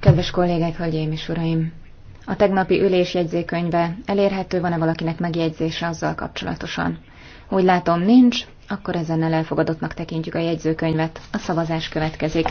Kedves kollégák, hölgyeim és uraim! A tegnapi ülés jegyzékönyve elérhető, van-e valakinek megjegyzése azzal kapcsolatosan? Úgy látom, nincs, akkor ezennel elfogadottnak tekintjük a jegyzőkönyvet. A szavazás következik.